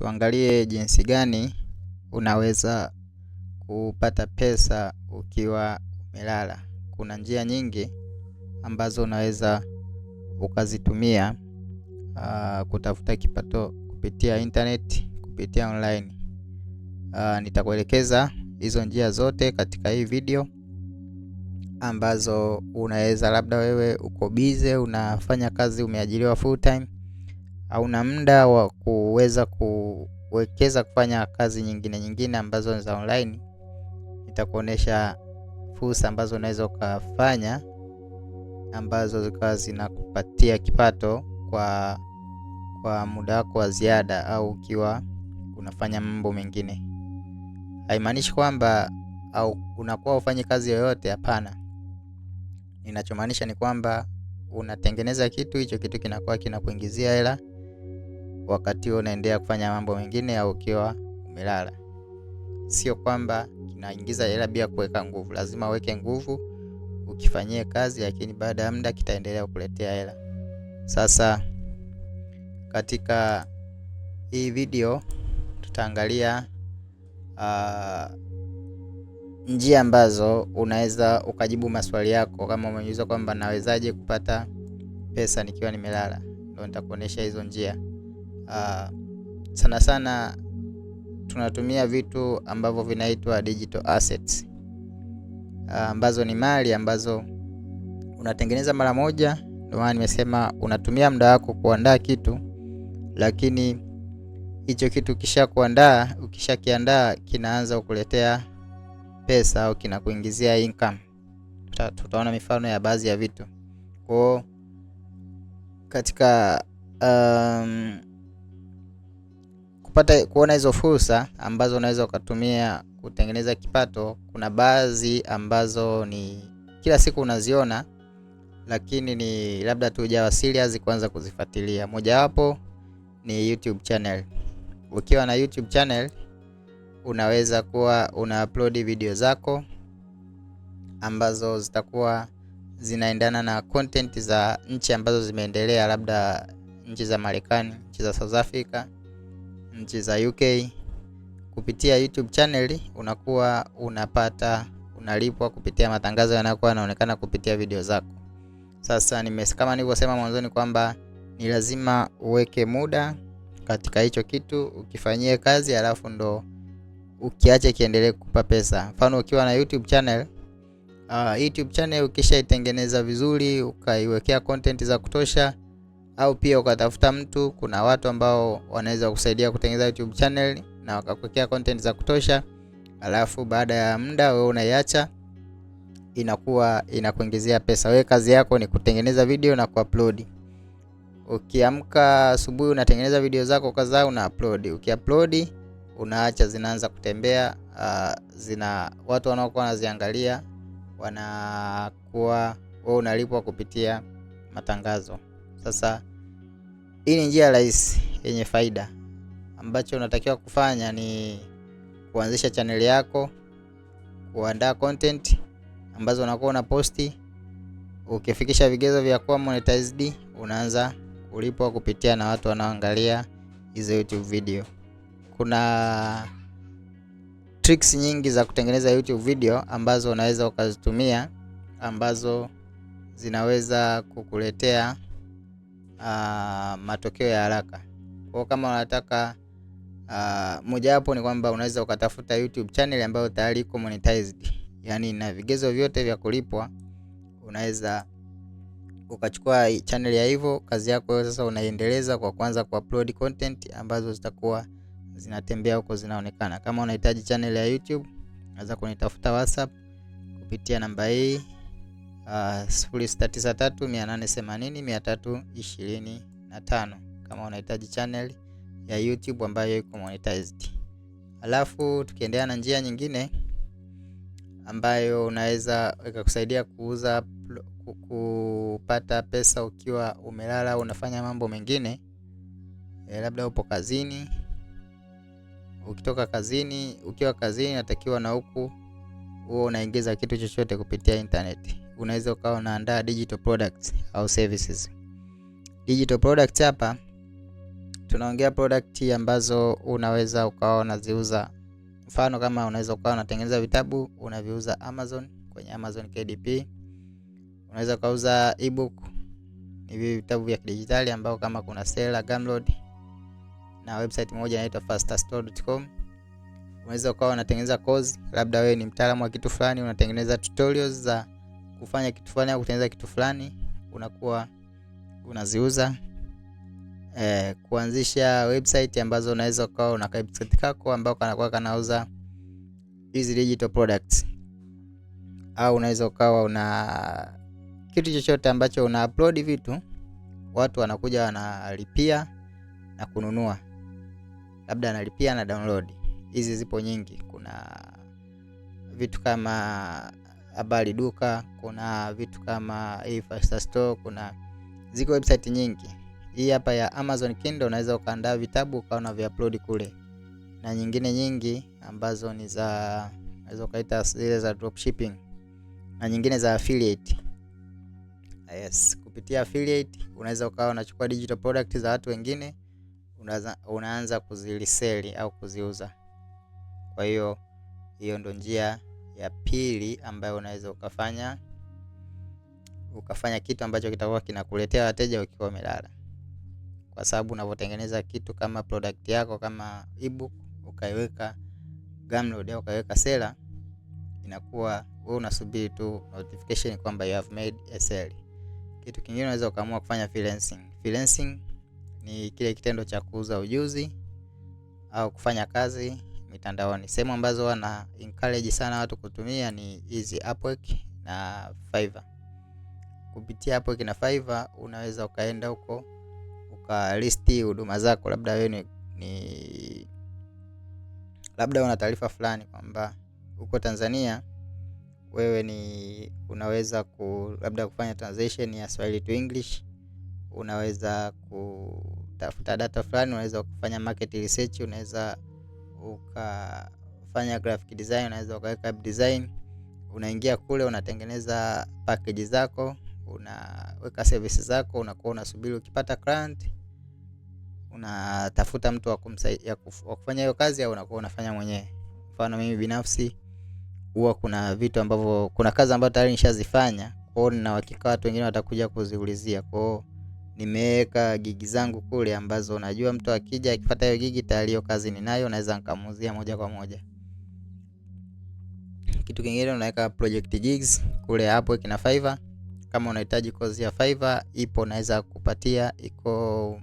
tuangalie jinsi gani unaweza kupata pesa ukiwa umelala. Kuna njia nyingi ambazo unaweza ukazitumia uh, kutafuta kipato kupitia internet, kupitia online. Uh, nitakuelekeza hizo njia zote katika hii video ambazo unaweza labda wewe uko bize, unafanya kazi, umeajiriwa full time hauna muda wa kuweza kuwekeza kufanya kazi nyingine nyingine ambazo ni za online, nitakuonesha fursa ambazo unaweza ukafanya ambazo zikawa zinakupatia kipato kwa, kwa muda wako wa ziada au ukiwa unafanya mambo mengine. Haimaanishi kwamba au unakuwa ufanye kazi yoyote, hapana. Ninachomaanisha ni kwamba unatengeneza kitu, hicho kitu kinakuwa kinakuingizia hela wakati huo unaendelea kufanya mambo mengine au ukiwa umelala. Sio kwamba kinaingiza hela bila kuweka nguvu, lazima uweke nguvu ukifanyie kazi, lakini baada ya muda kitaendelea kukuletea hela. Sasa katika hii video tutaangalia uh, njia ambazo unaweza ukajibu maswali yako kama umeuliza kwamba nawezaje kupata pesa nikiwa nimelala. Ndio nitakuonesha hizo njia uh, sana sana tunatumia vitu ambavyo vinaitwa digital assets ah, ambazo ni mali ambazo unatengeneza mara moja. Ndio maana nimesema unatumia muda wako kuandaa kitu, lakini hicho kitu kisha kuandaa, ukishakiandaa kinaanza kukuletea pesa au kinakuingizia income. Tuta, tutaona mifano ya baadhi ya vitu kwao katika um, kupata kuona hizo fursa ambazo unaweza ukatumia kutengeneza kipato. Kuna baadhi ambazo ni kila siku unaziona, lakini ni labda tu hujawa serious kuanza kuzifuatilia. Mojawapo ni YouTube channel. Ukiwa na YouTube channel unaweza kuwa una upload video zako ambazo zitakuwa zinaendana na content za nchi ambazo zimeendelea, labda nchi za Marekani, nchi za South Africa nchi za UK kupitia YouTube channel, unakuwa unapata unalipwa kupitia matangazo yanayokuwa yanaonekana kupitia video zako. Sasa nimes, kama nilivyosema mwanzoni kwamba ni lazima uweke muda katika hicho kitu ukifanyie kazi, alafu ndo ukiache kiendelee kukupa pesa. Mfano ukiwa na YouTube channel uh, YouTube channel ukishaitengeneza vizuri ukaiwekea content za kutosha au pia ukatafuta mtu, kuna watu ambao wanaweza kusaidia kutengeneza YouTube channel na wakakuwekea content za kutosha, alafu baada ya muda wewe unaiacha inakuwa inakuingizia pesa. Wewe kazi yako ni kutengeneza video na kuupload. Ukiamka asubuhi unatengeneza video zako kadhaa una upload. Ukiupload unaacha zinaanza kutembea, uh, zina watu wanaokuwa wanaziangalia wanakuwa wewe unalipwa kupitia matangazo. Sasa hii ni njia rahisi yenye faida. Ambacho unatakiwa kufanya ni kuanzisha chaneli yako, kuandaa content ambazo unakuwa una posti. Ukifikisha vigezo vya kuwa monetized, unaanza kulipwa kupitia na watu wanaoangalia hizo YouTube video. Kuna tricks nyingi za kutengeneza YouTube video ambazo unaweza ukazitumia ambazo zinaweza kukuletea uh, matokeo ya haraka. Kwa kama unataka uh, mojawapo ni kwamba unaweza ukatafuta YouTube channel ambayo tayari iko monetized, yaani na vigezo vyote vya kulipwa. Unaweza ukachukua channel ya hivyo, kazi yako wewe sasa unaiendeleza kwa kwanza kuupload content ambazo zitakuwa zinatembea huko zinaonekana. Kama unahitaji channel ya YouTube, unaweza kunitafuta WhatsApp kupitia namba hii uh, 880 kama unahitaji channel ya YouTube ambayo iko monetized. Alafu tukiendelea na njia nyingine ambayo unaweza ikakusaidia kuuza kupata pesa ukiwa umelala unafanya mambo mengine e, labda upo kazini. Ukitoka kazini, ukiwa kazini natakiwa na huku huo unaingiza kitu chochote kupitia intaneti unaweza ukawa unaandaa digital products au services. Digital products hapa tunaongea product ambazo unaweza ukawa unaziuza, mfano kama unaweza ukawa unatengeneza vitabu unaviuza Amazon kwenye Amazon KDP. Unaweza ukauza ebook, hivi vitabu vya kidijitali ambao kama kuna seller Gumroad na website moja inaitwa fasterstore.com. Unaweza ukawa unatengeneza course, labda wewe ni mtaalamu wa kitu fulani, unatengeneza tutorials za kufanya kitu fulani au kutengeneza kitu fulani, unakuwa unaziuza eh, kuanzisha website ambazo unaweza ukawa una website kako ambao kanakuwa kanauza hizi digital products, au unaweza ukawa una kitu chochote ambacho una upload vitu, watu wanakuja wanalipia na kununua, labda analipia na download. Hizi zipo nyingi, kuna vitu kama Habari Duka, kuna vitu kama hii Store, kuna ziko website nyingi. Hii hapa ya Amazon Kindle unaweza ukaandaa vitabu ukawa na viupload kule, na nyingine nyingi ambazo ni za unaweza ukaita zile za dropshipping na nyingine za affiliate. Yes, kupitia affiliate unaweza ukawa unachukua digital product za watu wengine unaanza, unaanza kuziliseli au kuziuza. Kwa hiyo hiyo ndo njia ya pili ambayo unaweza ukafanya ukafanya kitu ambacho kitakuwa kinakuletea wateja ukiwa umelala, kwa sababu unavyotengeneza kitu kama product yako kama ebook ukaiweka Gumroad au ukaiweka seller, inakuwa wewe unasubiri tu notification kwamba you have made a sale. Kitu kingine unaweza ukaamua kufanya freelancing. Freelancing ni kile kitendo cha kuuza ujuzi au kufanya kazi mitandaoni. Sehemu ambazo wana encourage sana watu kutumia ni hizi Upwork na Fiverr. Kupitia Upwork na Fiverr unaweza ukaenda huko ukalisti huduma zako, labda wewe ni, ni labda una taarifa fulani kwamba huko Tanzania wewe ni unaweza ku, labda kufanya transition ya Swahili to English, unaweza kutafuta data fulani, unaweza kufanya market research, unaweza ukafanya graphic design, unaweza ukaweka web design. Unaingia kule unatengeneza package zako, unaweka services zako, unakuwa unasubiri ukipata client, unatafuta mtu wa kumsaidia kufanya hiyo kazi, au unakuwa unafanya mwenyewe. Mfano mimi binafsi huwa kuna vitu ambavyo kuna kazi ambazo tayari nishazifanya, kwa hiyo nina uhakika watu wengine watakuja kuziulizia kwao nimeweka gigi zangu kule ambazo najua mtu akija akipata hiyo gigi tayari hiyo kazi ninayo, naweza nikamuuzia moja kwa moja. Kitu kingine unaweka project gigs kule Upwork na Fiverr. Kama unahitaji kozi ya Fiverr ipo, naweza kupatia, iko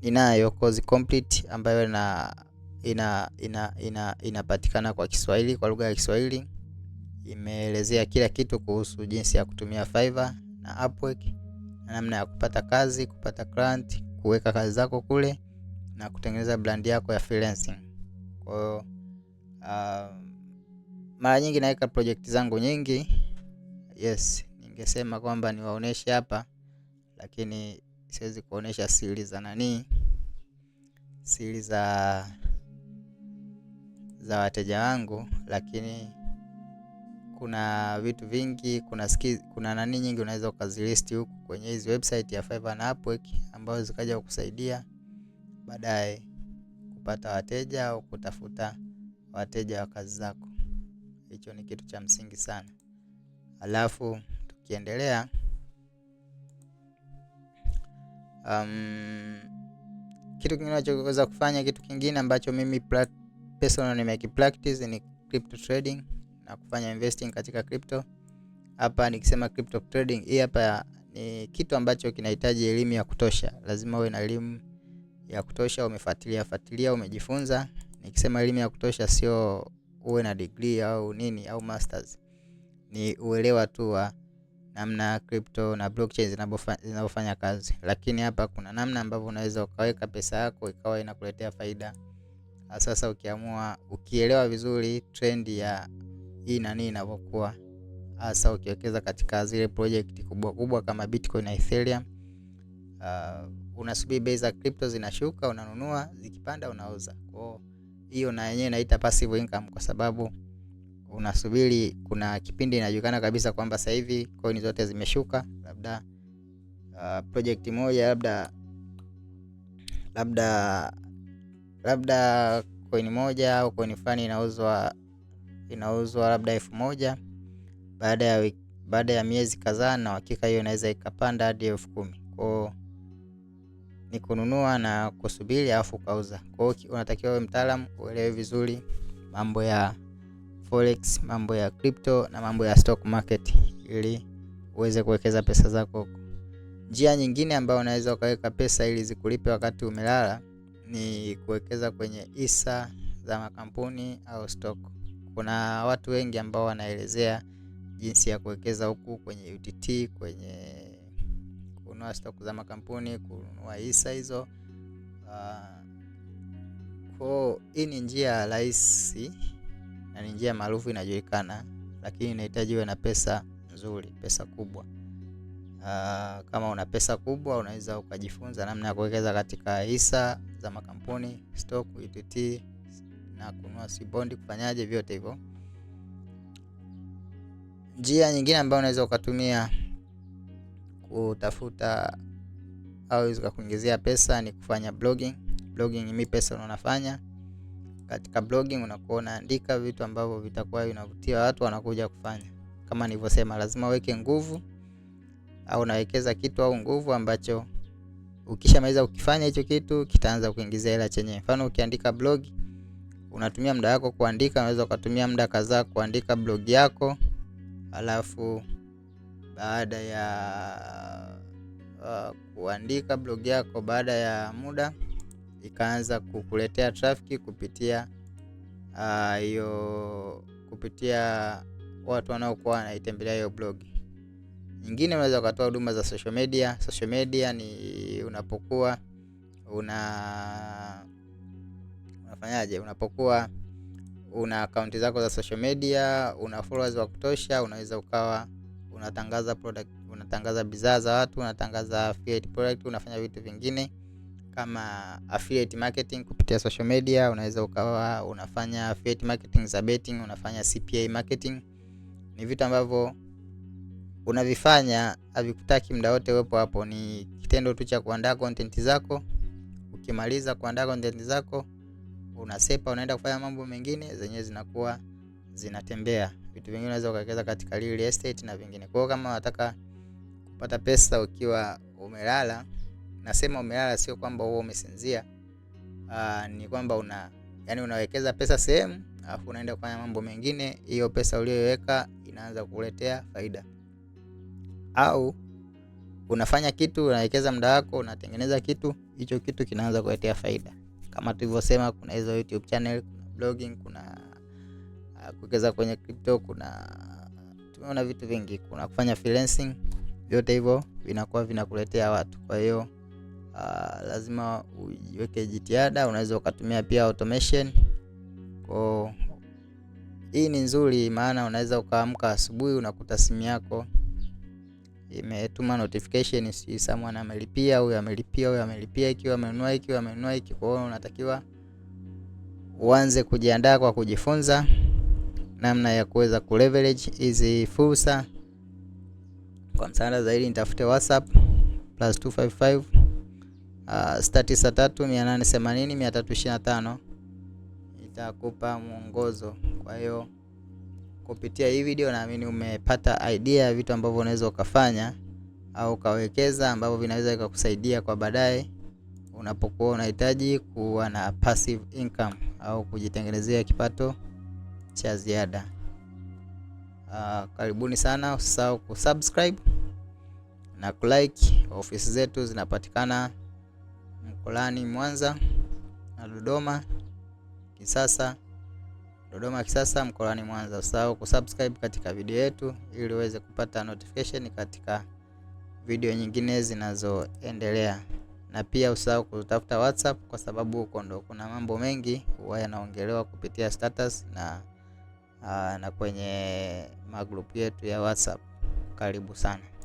inayo kozi complete ambayo ina ina ina inapatikana kwa Kiswahili, kwa lugha ya Kiswahili imeelezea kila kitu kuhusu jinsi ya kutumia Fiverr na Upwork na namna ya kupata kazi, kupata client, kuweka kazi zako kule na kutengeneza brand yako ya freelancing. Kwa hiyo uh, mara nyingi naweka project zangu nyingi. Yes, ningesema kwamba niwaoneshe hapa, lakini siwezi kuonesha siri za nani, siri za za wateja wangu, lakini kuna vitu vingi, kuna ski, kuna nani nyingi unaweza ukazilisti huku kwenye hizi website ya Fiverr na Upwork ambazo zikaja kukusaidia baadaye kupata wateja au kutafuta wateja wa kazi zako. Hicho ni kitu cha msingi sana. Alafu tukiendelea, um, kitu kingine unachoweza kufanya, kitu kingine ambacho mimi personal nimekipractice ni crypto trading na kufanya investing katika crypto. Hapa nikisema crypto trading, hii hapa ni kitu ambacho kinahitaji elimu ya kutosha. Lazima uwe na elimu ya kutosha, umefuatilia fuatilia, umejifunza. Nikisema elimu ya kutosha, sio uwe na degree au nini au masters, ni uelewa tu wa namna crypto na blockchain zinavyofanya kazi. Lakini hapa kuna namna ambavyo unaweza ukaweka pesa yako ikawa inakuletea faida. Sasa ukiamua, ukielewa vizuri trend ya hii na nini inavyokuwa, hasa ukiwekeza katika zile project kubwa kubwa kama Bitcoin na Ethereum. Uh, unasubiri bei za crypto zinashuka, unanunua, zikipanda unauza. Kwa hiyo na yenyewe inaita passive income kwa sababu unasubiri. Kuna kipindi inajulikana kabisa kwamba sasa hivi coin zote zimeshuka, labda uh, project moja labda labda labda coin moja au coin fulani inauzwa inauzwa labda elfu moja baada ya baada ya miezi kadhaa, na hakika hiyo inaweza ikapanda hadi elfu kumi kwao ni kununua na kusubiri alafu ukauza. Kwa hiyo unatakiwa wewe mtaalamu uelewe vizuri mambo ya forex, mambo ya crypto na mambo ya stock market ili uweze kuwekeza pesa zako. Njia nyingine ambayo unaweza ukaweka pesa ili zikulipe wakati umelala ni kuwekeza kwenye hisa za makampuni au stock kuna watu wengi ambao wanaelezea jinsi ya kuwekeza huku kwenye UTT, kwenye kununua stock za makampuni, kununua hisa hizo. Kwa hii ni njia rahisi na ni njia maarufu inajulikana, lakini inahitaji uwe na pesa nzuri, pesa kubwa. Uh, kama una pesa kubwa unaweza ukajifunza namna ya kuwekeza katika hisa za makampuni, stock, UTT na mm-hmm. kununua bondi kufanyaje vyote hivyo. Njia nyingine ambayo unaweza ukatumia kutafuta au zikakuingizia pesa ni kufanya blogging. Blogging mi pesa unafanya katika blogging, unakuwa unaandika vitu ambavyo vitakuwa vinavutia watu wanakuja kufanya. Kama nilivyosema, lazima uweke nguvu au unawekeza kitu au nguvu ambacho ukishamaliza ukifanya hicho kitu kitaanza kuingiza hela chenyewe. Mfano, ukiandika blogi unatumia muda wako kuandika, unaweza ukatumia muda kadhaa kuandika blog yako, alafu baada ya uh, kuandika blog yako, baada ya muda ikaanza kukuletea trafiki kupitia uh, hiyo uh, kupitia watu wanaokuwa wanaitembelea hiyo blog. Nyingine unaweza ukatoa huduma za social media. Social media ni unapokuwa una unafanyaje, unapokuwa una akaunti zako za social media, una followers wa kutosha, unaweza ukawa unatangaza product, unatangaza bidhaa za watu, unatangaza affiliate product, unafanya vitu vingine kama affiliate marketing kupitia social media. Unaweza ukawa unafanya affiliate marketing za betting, unafanya CPA marketing. Ni vitu ambavyo unavifanya havikutaki muda wote uwepo hapo, ni kitendo tu cha kuandaa content zako. Ukimaliza kuandaa content zako unasepa, unaenda kufanya mambo mengine, zenyewe zinakuwa zinatembea. Vitu vingine unaweza ukawekeza katika real estate na vingine. Kwa hiyo kama unataka kupata pesa ukiwa umelala, nasema umelala, sio kwamba wewe umesinzia. Uh, ni kwamba una yani unawekeza pesa sehemu alafu unaenda kufanya mambo mengine, hiyo pesa uliyoweka inaanza kukuletea faida. Au unafanya kitu, unawekeza muda wako, unatengeneza kitu, hicho kitu kinaanza kuletea faida kama tulivyosema, kuna hizo YouTube channel, kuna blogging, kuna uh, kuwekeza kwenye crypto, kuna tumeona vitu vingi, kuna kufanya freelancing, vyote hivyo vinakuwa vinakuletea watu. Kwa hiyo uh, lazima ujiweke jitihada. Unaweza ukatumia pia automation kwa hii ni nzuri, maana unaweza ukaamka asubuhi unakuta simu yako imetuma notification, si someone amelipia, huyu amelipia, huyu amelipia, ikiwa amenunua, ikiwa amenunua hiki. Kwa hiyo unatakiwa uanze kujiandaa kwa kujifunza namna ya kuweza leverage hizi fursa. Kwa msaada zaidi nitafute WhatsApp plus 255 uh, sita tisa tatu mia nane themanini mia tatu ishirini na tano itakupa mwongozo. Kwa hiyo kupitia hii video naamini umepata idea ya vitu ambavyo unaweza ukafanya au ukawekeza ambavyo vinaweza vikakusaidia kwa baadaye unapokuwa unahitaji kuwa na passive income au kujitengenezea kipato cha ziada. Uh, karibuni sana, usisahau kusubscribe na kulike. Ofisi zetu zinapatikana Mkolani, Mwanza na Dodoma Kisasa. Dodoma Kisasa mkoani Mwanza. Usahau kusubscribe katika video yetu ili uweze kupata notification katika video nyingine zinazoendelea, na pia usahau kutafuta WhatsApp kwa sababu huko ndo kuna mambo mengi huwa yanaongelewa kupitia status na, ah, na kwenye magrupu yetu ya WhatsApp. Karibu sana.